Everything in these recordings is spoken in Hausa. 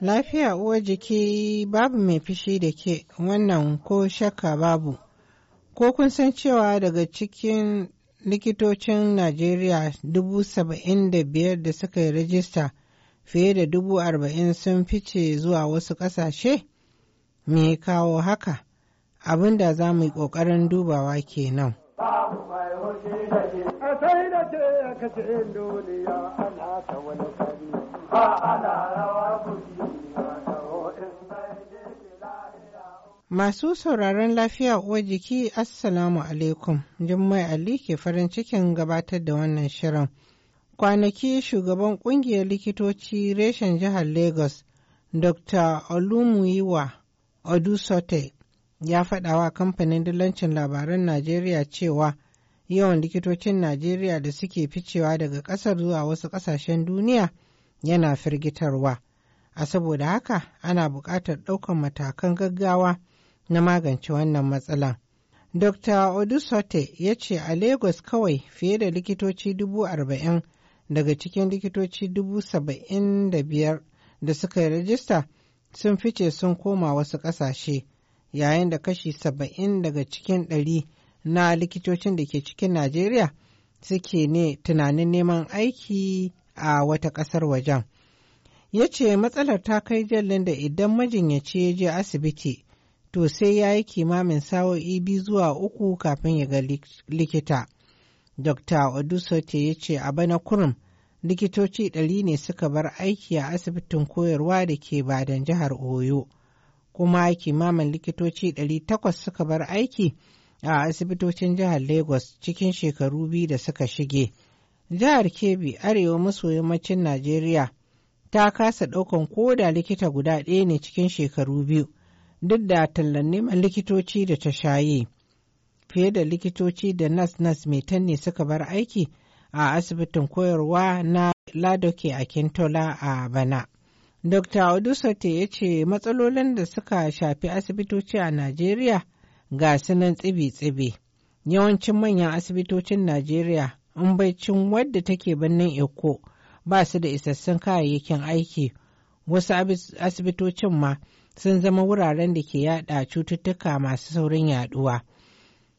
Lafiya uwar jiki babu mai fishi da ke wannan ko shakka babu. Ko kun san cewa daga cikin likitocin Najeriya dubu saba'in da biyar da suka yi rajista fiye da dubu arba'in sun fice zuwa wasu ƙasashe? me ya kawo haka abin da za mu yi ƙoƙarin dubawa kenan. Masu sauraron lafiya uwa jiki Assalamu alaikum, Jummai Ali ke farin cikin gabatar da wannan shirin. Kwanaki shugaban ƙungiyar likitoci reshen jihar Lagos, Dr. Olumuyiwa Odu ya faɗa wa kamfanin dillancin labaran Najeriya cewa yawan likitocin Najeriya da suke ficewa daga ƙasar zuwa wasu ƙasashen duniya yana firgitarwa. A saboda haka ana buƙatar ɗaukar matakan gaggawa na magance wannan matsala. Dr. Odusote ya ce a Lagos kawai fiye da likitoci dubu arba'in daga cikin likitoci dubu saba'in da biyar da suka yi rajista sun fice sun koma wasu ƙasashe yayin da kashi saba'in daga cikin ɗari na likitocin da ke cikin Najeriya suke ne tunanin neman aiki a wata ƙasar wajen. Ya ce matsalar ta kai jallin da idan majinyaci ya je asibiti to sai ya yi kimamin sa'o'i biyu zuwa uku kafin ya ga likita. Dr. Odusote ya ce a bana kurum likitoci ɗari ne suka bar aiki a asibitin koyarwa da ke badan jihar oyo kuma kimamin likitoci ɗari takwas suka bar aiki a asibitocin jihar lagos cikin shekaru biyu da suka shige jihar kebbi arewa maso yammacin najeriya ta kasa ɗaukan koda likita guda ɗaya ne cikin shekaru biyu duk da tallan neman likitoci da ta shaye fiye da likitoci da nas nas mai ne suka bar aiki a asibitin koyarwa na ladoke a kintola a bana dr odusote ya ce matsalolin da suka shafi asibitoci a najeriya ga sunan tsibi-tsibi yawancin manyan asibitocin najeriya in cin wadda take birnin eko ba su da isassun kayayyakin aiki wasu asibitocin ma sun zama wuraren da ke yada cututtuka masu saurin yaduwa.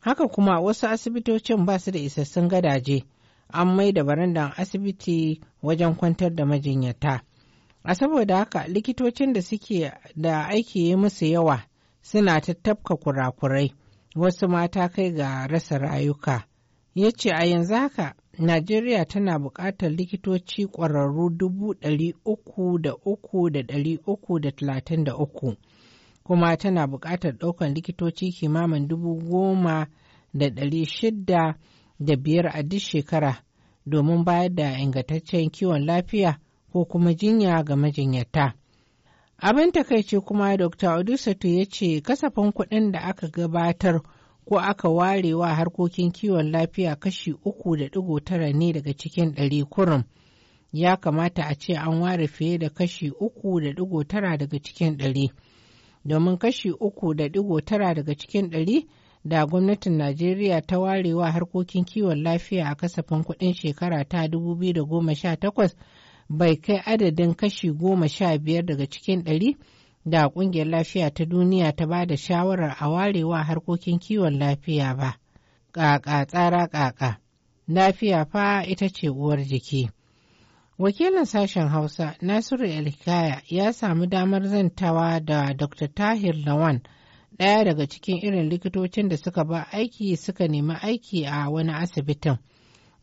Haka kuma wasu asibitocin ba su da isassun gadaje an mai da barandan asibiti wajen kwantar da majinyata. A saboda haka likitocin da suke da aiki yi musu yawa suna ta tattafka kurakurai wasu mata kai ga rasa rayuka. Ya ce a yanzu haka Najeriya tana buƙatar likitoci ƙwararru dubu ɗari uku da uku da ɗari uku da talatin da uku, kuma tana buƙatar ɗaukar likitoci kimamin dubu goma da ɗari shidda da biyar a duk shekara domin bayar da ingantaccen kiwon lafiya ko kuma jinya ga majinyata. Abin takaici kuma Dr. Odusatu ya ce kasafin kuɗin da aka gabatar ko aka ware wa harkokin kiwon lafiya kashi uku da ɗigo tara ne daga cikin ɗari kurum. Ya kamata a ce an ware fiye da kashi uku da ɗigo tara daga cikin ɗari. Domin kashi uku da ɗigo tara daga cikin ɗari da gwamnatin Najeriya ta warewa harkokin kiwon lafiya a kasafin kuɗin shekara ta 2018 bai kai adadin kashi goma sha biyar daga cikin ɗari da ƙungiyar lafiya ta duniya ta ba da shawarar a warewa harkokin kiwon lafiya ba. Ƙaƙa tsara ƙaƙa, lafiya fa ita ce uwar jiki. Wakilin sashen Hausa Nasiru Elhikaya ya samu damar zantawa da Dr. Tahir Lawan. ɗaya daga cikin irin likitocin da suka ba aiki suka nemi aiki a wani asibitin.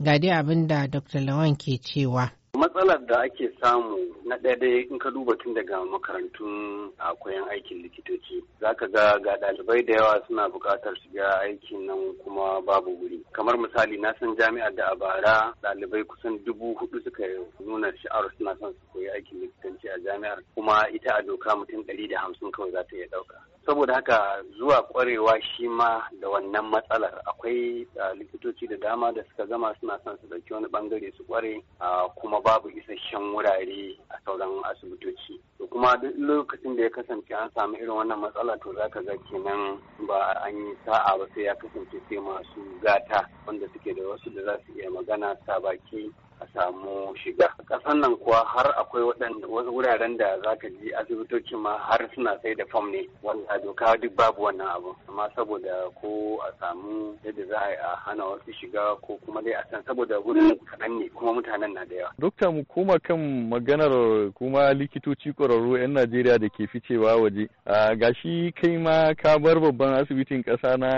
Ga dai abin da Dr. Lawan ke cewa. Matsalar da ake samu na ɗaya dai in ka duba tun daga makarantun a aikin likitoci. Za ka ga ga ɗalibai da yawa suna buƙatar shiga aikin nan kuma babu wuri. Kamar misali na san jami'ar da a bara ɗalibai kusan dubu hudu suka nuna sha'awar suna son su koyi aikin likitanci a jami'ar kuma ita a doka mutum ɗari da hamsin kawai za ta iya ɗauka. saboda haka zuwa kwarewa shi ma da wannan matsalar akwai ah, likitoci da dama da suka gama suna son su dauki wani bangare su kware ah, kuma babu isasshen wurare a sauran asibitoci to kuma duk lokacin da ya kasance an samu irin wannan matsala to zaka ga kenan ba an yi sa'a ba sai ya kasance sai masu gata wanda suke da wasu da za su iya magana sa baki a samu shiga kasan nan kuwa har akwai wasu wuraren da za ka ji asibitoci ma har suna sai da fam ne wanda doka duk babu wannan abu amma saboda ko a samu yadda za a hana wasu shiga ko kuma dai a san saboda wurin kaɗan ne kuma mutanen na da yawa. dokta mu koma kan maganar kuma likitoci ƙwararru 'yan najeriya da ke ficewa waje gashi kai ma ka bar babban asibitin ƙasa na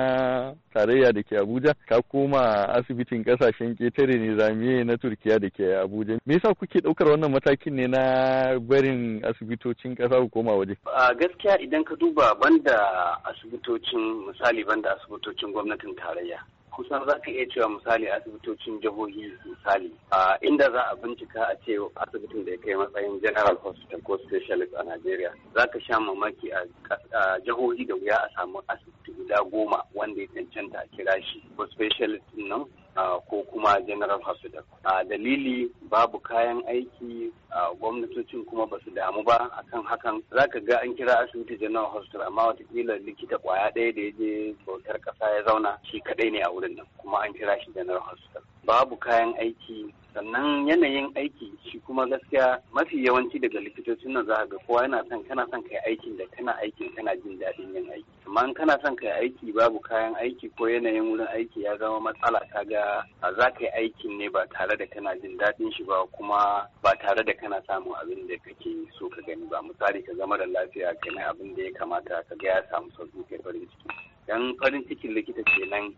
tarayya da ke abuja ka koma asibitin ƙasashen ƙetare ne zamiye na turkiya gargajiya da ke Abuja. Me yasa kuke ɗaukar wannan matakin ne na barin asibitocin ƙasa ku koma waje? A gaskiya idan ka duba banda asibitocin misali banda asibitocin gwamnatin tarayya. kusan za ka iya cewa misali asibitocin jihohi misali a inda za a bincika a ce asibitin da ya kai matsayin general hospital ko specialist a Najeriya za ka sha mamaki a jihohi da wuya a samu asibiti guda goma wanda ya cancanta a kira shi ko specialist nan ko kuma general hospital dalili babu kayan aiki a gwamnatocin kuma ba su damu ba akan hakan za ka ga an kira asibiti general hospital amma watakila likita kwaya ɗaya da ya je bautar ƙasa ya zauna shi kaɗai ne a wurin nan kuma an kira shi general hospital babu kayan aiki sannan yanayin aiki shi kuma gaskiya mafi yawanci daga likitocin nan za ga kowa yana son kana son kai aikin da kana aikin kana jin daɗin yin aiki amma in kana son kai aiki babu kayan aiki ko yanayin wurin aiki ya zama matsala ta ga za ka yi aikin ne ba tare da kana jin daɗin shi ba kuma ba tare da kana samun abin da kake so ka gani ba misali ka zama da lafiya ka yi abin da ya kamata ka ga ya samu sauƙi kai farin ciki dan farin cikin likita kenan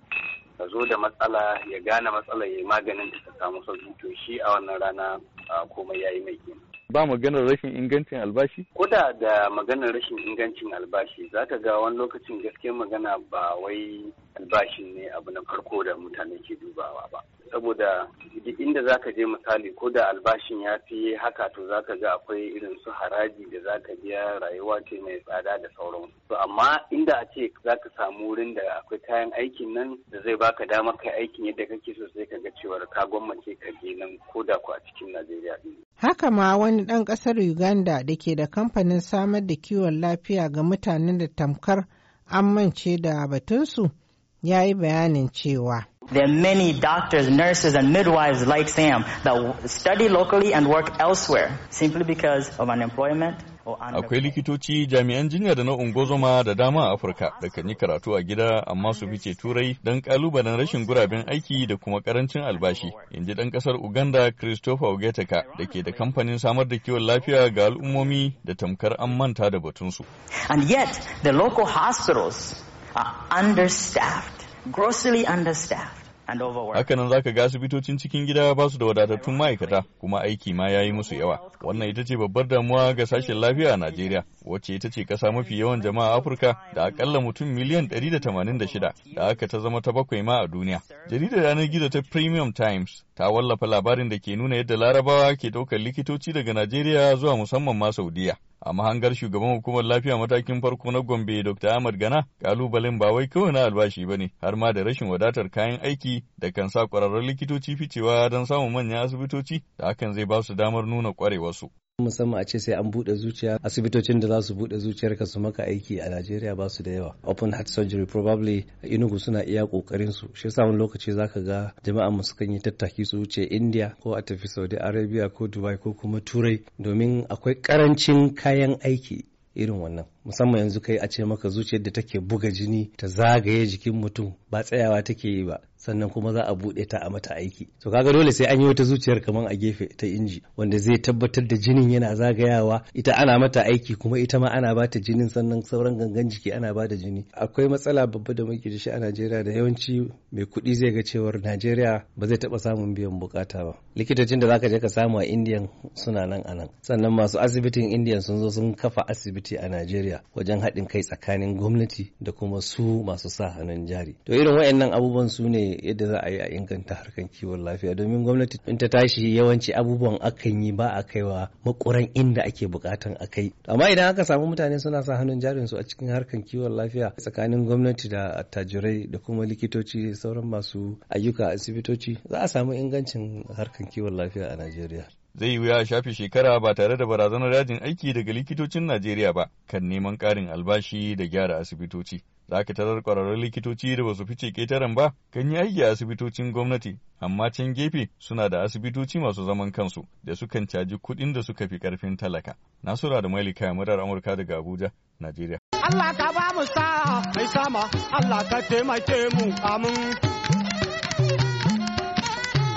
ka zo da matsala ya gane matsala ya yi maganin da ta samu sauki to shi a wannan rana komai ya yi mai kima ba maganar rashin ingancin albashi? Koda da maganar rashin ingancin albashi za ka ga wani lokacin gaske magana ba wai albashin ne abu na farko da mutane ke dubawa ba. saboda duk inda za ka je misali ko da albashin ya fi haka to za ka ga akwai irin su haraji da za ka biya rayuwa ce mai tsada da sauran to amma inda a ce za ka samu wurin da akwai kayan aikin nan da zai baka damar kai aikin yadda kake so sai ka ga cewar ka gwammace ka je nan ko da ku a cikin Najeriya Haka ma wani ɗan ƙasar Uganda da ke da kamfanin samar da kiwon lafiya ga mutanen da tamkar an mance da batunsu ya yi bayanin cewa There are many doctors, nurses, and midwives like Sam that study locally and work elsewhere simply because of unemployment. Akwai likitoci jami'an jinya da na ungozoma da dama a Afirka da kan yi karatu a gida amma su fice turai don kalubalen rashin guraben aiki da kuma karancin albashi. In ji ɗan ƙasar Uganda Christopher Ogeteka da ke da kamfanin samar da kiwon lafiya ga al'ummomi da tamkar an manta da batunsu. And yet the local hospitals are understaffed. grossly understaffed. Hakanan za ka ga asibitocin cikin gida ba su da wadatattun ma'aikata kuma aiki ma ya yi musu yawa. Wannan ita ce babbar damuwa ga sashen lafiya a Najeriya, wacce ita ce ƙasa mafi yawan jama'a Afirka da akalla mutum miliyan 186 da aka ta zama ta bakwai ma a duniya. Jaridar yanar gizo ta Premium Times ta wallafa labarin da ke nuna yadda Larabawa ke ɗaukar likitoci daga Najeriya zuwa musamman ma Saudiya. a mahangar shugaban hukumar lafiya matakin farko na gombe dr ahmad gana kalubalen ba wai kawai na albashi ba ne har ma da rashin wadatar kayan aiki da kan sa kwararrun likitoci ficewa don samun manyan asibitoci da hakan zai ba su damar nuna kwarewarsu musamman a ce sai an bude zuciya asibitocin da za su bude ka su maka aiki a Najeriya ba su da yawa open heart surgery probably inugu suna iya kokarin su shi yasa wani lokaci zaka ga jama'a mu sukan yi tattaki su wuce India ko a tafi Saudi Arabia ko Dubai ko kuma Turai domin akwai karancin kayan aiki irin wannan musamman yanzu kai a ce maka zuciyar da take buga jini ta zagaye jikin mutum ba tsayawa take yi ba sannan kuma za a buɗe ta a mata aiki to kaga dole sai an yi wata zuciyar kaman a gefe ta inji wanda zai tabbatar da jinin yana zagayawa ita ana mata aiki kuma ita ma ana bata jinin sannan sauran gangan jiki ana bada jini akwai matsala babba da muke da shi a Najeriya da yawanci mai kuɗi zai ga cewar Najeriya ba zai taba samun biyan bukata ba likitocin da zaka je ka samu a Indiyan suna nan anan sannan masu asibitin Indiyan sun zo sun kafa asibiti a Najeriya wajen haɗin kai tsakanin gwamnati da kuma su masu sa hannun jari. To irin waɗannan abubuwan su ne yadda za a yi a inganta harkar kiwon lafiya domin gwamnati in ta tashi yawanci abubuwan akan yi ba a kaiwa makuran inda ake bukatan a kai. Amma idan aka samu mutane suna sa hannun jarin su a cikin harkar kiwon lafiya tsakanin gwamnati da attajirai da kuma likitoci sauran masu ayyuka asibitoci za a samu ingancin harkar kiwon lafiya a Najeriya. zai yi wuya a shafe shekara ba tare da barazanar yajin aiki daga likitocin Najeriya ba kan neman ƙarin albashi da gyara asibitoci. Za ka tarar ƙwararrun likitoci da ba su fice ƙetaren ba kan yi aiki a asibitocin gwamnati, amma can gefe suna da asibitoci masu zaman kansu da sukan caji kuɗin da suka fi ƙarfin talaka. Nasura da Malika murar Amurka daga Abuja, Najeriya. Allah ka ba mu sa mai sama, Allah ka taimake mu amin.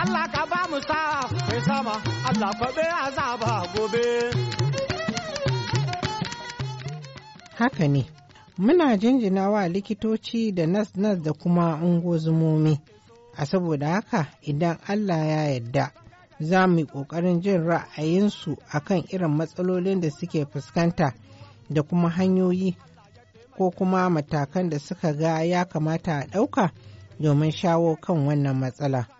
Allah ka ba mu sa mai sama Allah kwabe azaba gobe. Haka ne, muna jinjina wa likitoci da nas-nas da kuma ungozumomi. A saboda haka idan Allah ya yarda za mu yi ƙoƙarin jin ra'ayinsu akan irin matsalolin da suke fuskanta da kuma hanyoyi ko kuma matakan da suka ga ya kamata a ɗauka domin shawo kan wannan matsala.